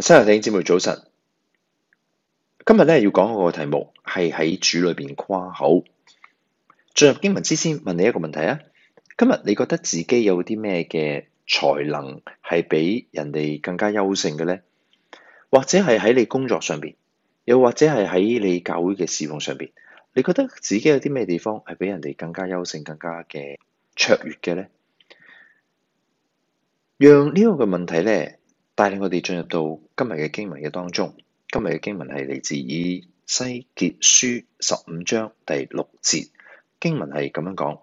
親愛的姐妹早晨，今日咧要講嘅題目係喺主裏邊誇口。進入經文之先，問你一個問題啊：今日你覺得自己有啲咩嘅才能係比人哋更加優勝嘅咧？或者係喺你工作上邊，又或者係喺你教會嘅侍奉上邊，你覺得自己有啲咩地方係比人哋更加優勝、更加嘅卓越嘅咧？讓呢個嘅問題咧，帶領我哋進入到。今日嘅經文嘅當中，今日嘅經文係嚟自以西結書十五章第六節，經文係咁樣講，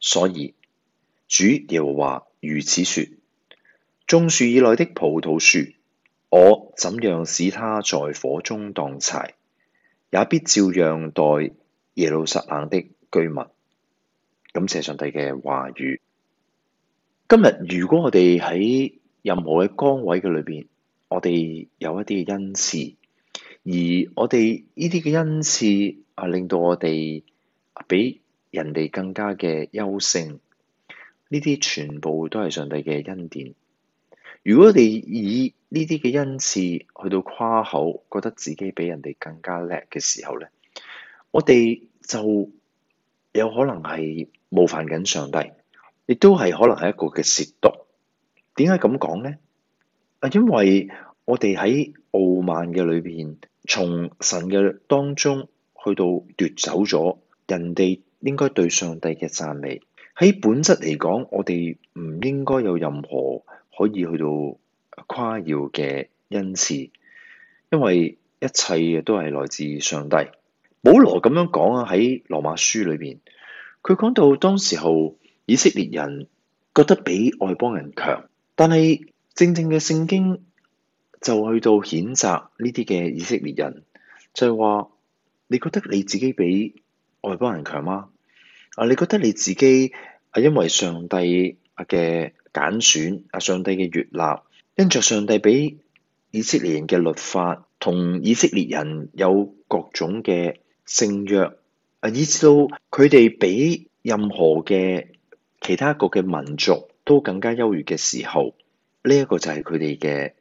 所以主耶和華如此說：眾樹以內的葡萄樹，我怎樣使它在火中當柴，也必照樣待耶路撒冷的居民。感謝上帝嘅話語。今日如果我哋喺任何嘅崗位嘅裏邊，我哋有一啲嘅恩賜，而我哋呢啲嘅恩賜啊，令到我哋比人哋更加嘅優勝。呢啲全部都係上帝嘅恩典。如果我哋以呢啲嘅恩賜去到誇口，覺得自己比人哋更加叻嘅時候咧，我哋就有可能係冒犯緊上帝，亦都係可能係一個嘅褻瀆。點解咁講咧？因為我哋喺傲慢嘅裏邊，從神嘅當中去到奪走咗人哋應該對上帝嘅讚美。喺本質嚟講，我哋唔應該有任何可以去到誇耀嘅恩賜，因為一切都係來自上帝。保羅咁樣講啊，喺羅馬書裏邊，佢講到當時候以色列人覺得比外邦人強，但係。正正嘅聖經就去到譴責呢啲嘅以色列人，就係話：你覺得你自己比外邦人強嗎？啊，你覺得你自己啊，因為上帝嘅揀選啊，上帝嘅悅納，因着上帝俾以色列人嘅律法，同以色列人有各種嘅聖約啊，以至到佢哋比任何嘅其他國嘅民族都更加優越嘅時候。呢一個就係佢哋嘅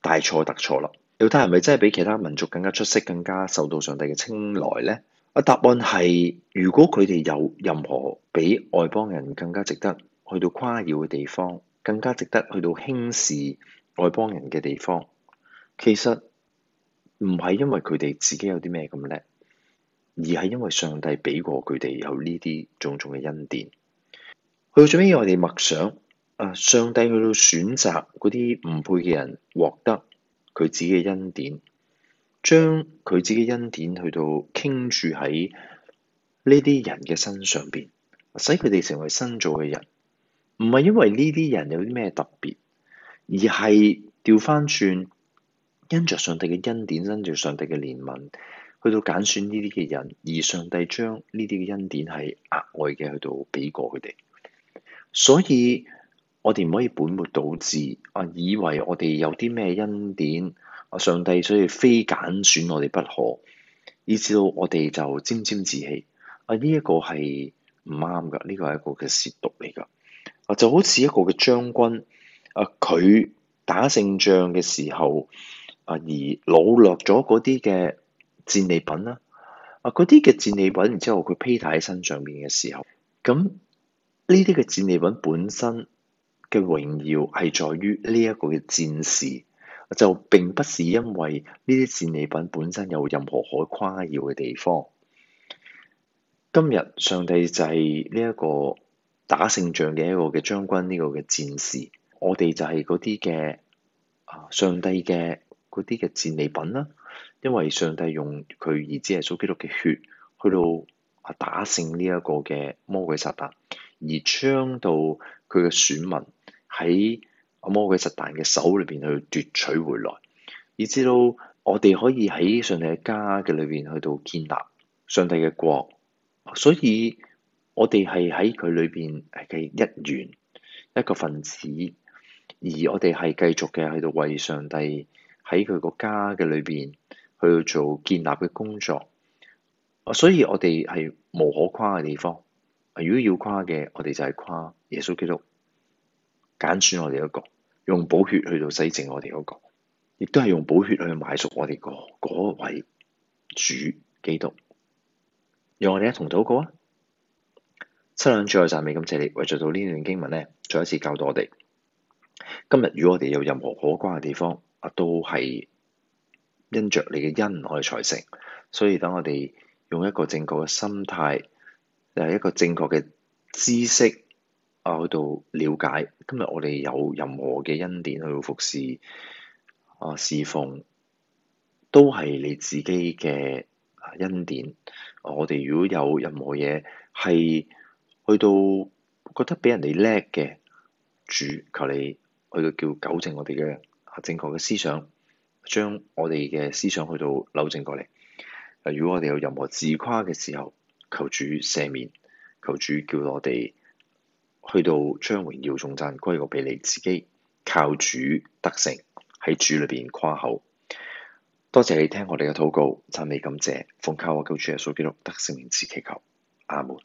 大錯特錯啦！猶太人係咪真係比其他民族更加出色、更加受到上帝嘅青睞呢？啊，答案係：如果佢哋有任何比外邦人更加值得去到誇耀嘅地方，更加值得去到輕視外邦人嘅地方，其實唔係因為佢哋自己有啲咩咁叻，而係因為上帝俾過佢哋有呢啲種種嘅恩典。去到最尾，我哋默想。啊！上帝去到選擇嗰啲唔配嘅人，獲得佢自己嘅恩典，將佢自己嘅恩典去到傾注喺呢啲人嘅身上邊，使佢哋成為新造嘅人。唔係因為呢啲人有啲咩特別，而係調翻轉，因着上帝嘅恩典，因著上帝嘅憐憫，去到揀選呢啲嘅人，而上帝將呢啲嘅恩典係額外嘅去到俾過佢哋，所以。我哋唔可以本末倒置，啊！以為我哋有啲咩恩典，啊，上帝所以非揀選我哋不可，以至到我哋就沾沾自喜。啊！呢一個係唔啱噶，呢個係一個嘅褻瀆嚟噶。啊，就好似一個嘅將軍，啊，佢打勝仗嘅時候，啊，而老落咗嗰啲嘅戰利品啦，啊，嗰啲嘅戰利品然之後佢披戴喺身上面嘅時候，咁呢啲嘅戰利品本身。嘅榮耀係在於呢一個嘅戰士，就並不是因為呢啲戰利品本身有任何可誇耀嘅地方。今日上帝就係呢一個打勝仗嘅一個嘅將軍，呢個嘅戰士，我哋就係嗰啲嘅上帝嘅嗰啲嘅戰利品啦。因為上帝用佢兒子耶穌基督嘅血去到打勝呢一個嘅魔鬼撒旦，而將到佢嘅選民。喺魔鬼撒旦嘅手裏邊去奪取回來，以至到我哋可以喺上帝嘅家嘅裏邊去到建立上帝嘅國，所以我哋係喺佢裏邊嘅一員一個分子，而我哋係繼續嘅喺度為上帝喺佢個家嘅裏邊去做建立嘅工作，所以我哋係無可誇嘅地方，如果要誇嘅，我哋就係誇耶穌基督。揀選我哋嗰個，用寶血去到洗淨我哋嗰個，亦都係用寶血去買贖我哋個位主基督，讓我哋一同禱告啊！七兩主愛，讚美感謝你，為着到呢段經文咧，再一次教導我哋，今日與我哋有任何可關嘅地方啊，都係因着你嘅恩，我哋才成，所以等我哋用一個正確嘅心態，又一個正確嘅知識。啊，去到了解，今日我哋有任何嘅恩典去服侍、啊侍奉，都係你自己嘅恩典。啊，我哋如果有任何嘢係去到覺得俾人哋叻嘅，主求你去到叫糾正我哋嘅正確嘅思想，將我哋嘅思想去到糾正過嚟。啊，如果我哋有任何自誇嘅時候，求主赦免，求主叫我哋。去到張榮耀送讚歸國俾你自己靠主得勝喺主裏邊誇口，多謝你聽我哋嘅禱告，讚美感謝，奉靠我救主耶穌基督得勝名字祈求，阿門。